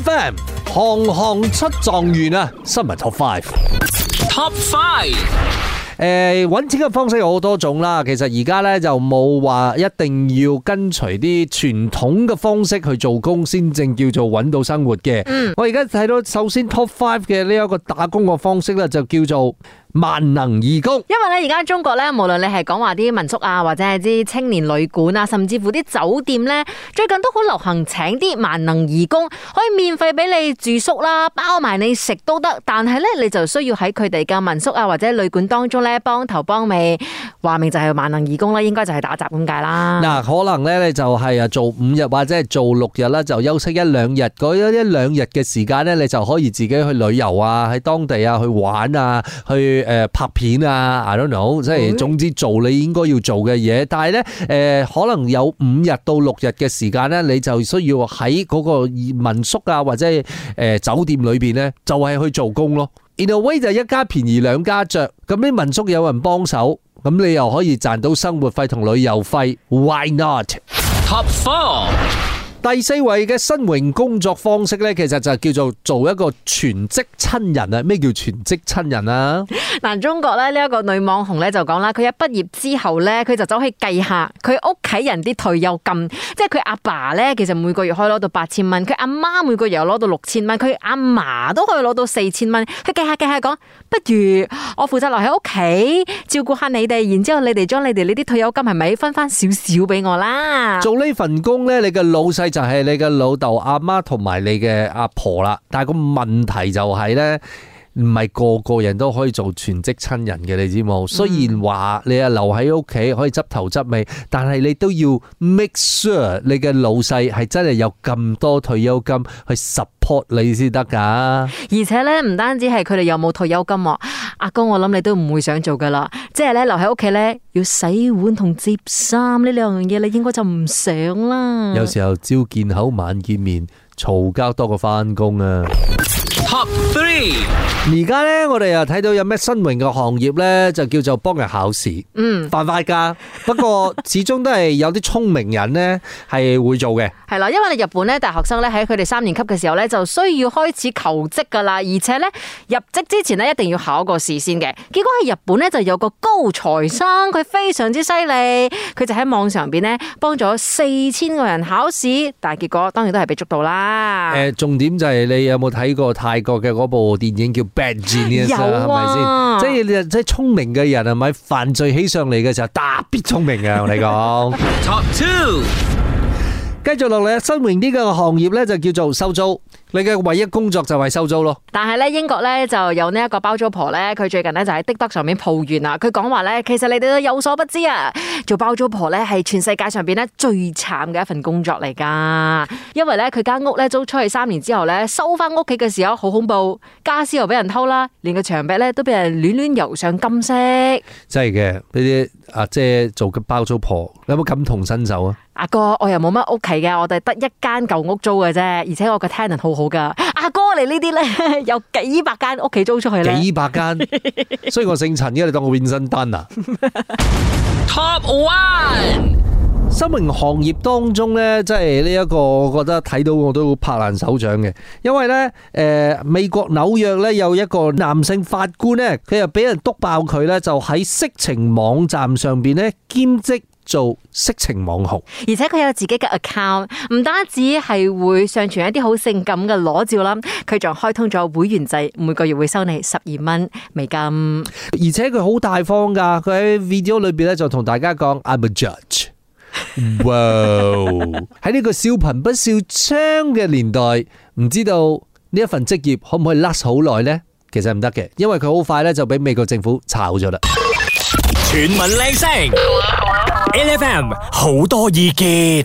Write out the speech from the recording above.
行行出狀元啊！新聞 Top Five，Top Five，誒，搵錢嘅方式有好多種啦。其實而家咧就冇話一定要跟隨啲傳統嘅方式去做工先，正叫做搵到生活嘅。嗯，我而家睇到首先 Top Five 嘅呢一個打工嘅方式咧，就叫做。萬能義工，因為咧而家中國咧，無論你係講話啲民宿啊，或者係啲青年旅館啊，甚至乎啲酒店呢，最近都好流行請啲萬能義工，可以免費俾你住宿啦，啊，包埋你食都得。但係咧，你就需要喺佢哋嘅民宿啊，或者旅館當中咧，幫頭幫尾，話明就係萬能義工啦，應該就係打雜咁解啦。嗱，可能咧你就係、是、啊做五日或者係做六日啦，就休息一兩日，嗰一兩日嘅時間呢，你就可以自己去旅遊啊，喺當地啊去玩啊，去。誒，拍片啊，I don't know，即係總之做你應該要做嘅嘢，但係咧，誒可能有五日到六日嘅時間咧，你就需要喺嗰個民宿啊或者係誒酒店裏邊咧，就係去做工咯。In a way 就一家便宜兩家著，咁啲民宿有人幫手，咁你又可以賺到生活費同旅遊費，Why not？Top four。第四位嘅新穎工作方式咧，其實就叫做做一個全職親人，人啊！咩叫全職親人啊？嗱，中國咧呢一個女網紅咧就講啦，佢一畢業之後咧，佢就走去計下佢屋企人啲退休金，即係佢阿爸咧，其實每個月可以攞到八千蚊，佢阿媽每個月又攞到六千蚊，佢阿嫲都可以攞到四千蚊。佢計下計下講，不如我負責留喺屋企照顧下你哋，然之後你哋將你哋呢啲退休金係咪分翻少少俾我啦？做呢份工咧，你嘅老細。就係你嘅老豆阿媽同埋你嘅阿婆啦，但係個問題就係呢，唔係個個人都可以做全職親人嘅，你知冇？雖然話你啊留喺屋企可以執頭執尾，但係你都要 make sure 你嘅老細係真係有咁多退休金去 support 你先得噶。而且呢，唔單止係佢哋有冇退休金，阿哥我諗你都唔會想做噶啦。即係咧，留喺屋企咧，要洗碗同接衫呢兩樣嘢，你應該就唔想啦。有時候朝見口晚見面，嘈交多過返工啊！Top three，而家呢，我哋又睇到有咩新穎嘅行業呢？就叫做幫人考試。嗯，犯法噶，不過始終都係有啲聰明人呢，係會做嘅。係啦，因為日本呢，大學生呢，喺佢哋三年級嘅時候呢，就需要開始求職噶啦，而且呢，入職之前呢，一定要考個試先嘅。結果喺日本呢，就有個高材生，佢非常之犀利，佢就喺網上邊呢，幫咗四千個人考試，但係結果當然都係被捉到啦。誒、呃，重點就係你有冇睇過泰國嘅嗰部電影叫 Genius, 有、啊《Bad Genius》啦，係咪先？即係你，即係聰明嘅人啊，係咪犯罪起上嚟嘅時候特別聰明啊！同你講。 Top two 繼續落嚟，新興呢嘅行業咧就叫做收租，你嘅唯一工作就係收租咯。但係咧，英國咧就有呢一個包租婆咧，佢最近咧就喺 TikTok 上面抱怨啊，佢講話咧,其實你哋都有所不知啊,做包租婆咧係全世界上邊咧最慘嘅一份工作嚟噶，因為咧佢間屋咧租出去三年之後咧收翻屋企嘅時候好恐怖,家私又俾人偷啦,連個牆壁咧都俾人亂亂油上金色。真係嘅,呢啲阿姐做嘅包租婆你有冇感同身受啊？阿哥，我又冇乜屋企嘅，我哋得一間舊屋租嘅啫，而且我個 tenant 好好噶。阿哥來這些，你呢啲咧有幾百間屋企租出去咧？幾百間，所以 我姓陳，而家你當我變身單啊。 Top one，新聞行業當中咧，即係呢一個，我覺得睇到我都拍爛手掌嘅，因為咧，誒、呃，美國紐約咧有一個男性法官咧，佢又俾人督爆佢咧，就喺色情網站上邊咧兼職。做色情網紅，而且佢有自己嘅 account，唔單止係會上傳一啲好性感嘅裸照啦，佢仲開通咗會員制，每個月會收你十二蚊美金。而且佢好大方㗎，佢喺 video 裏邊咧就同大家講，I'm a judge。哇！喺呢個笑貧不笑娼嘅年代，唔知道呢一份職業可唔可以 last 好耐咧？其實唔得嘅，因為佢好快咧就俾美國政府炒咗啦。全民靚聲。L.F.M. 好多意見。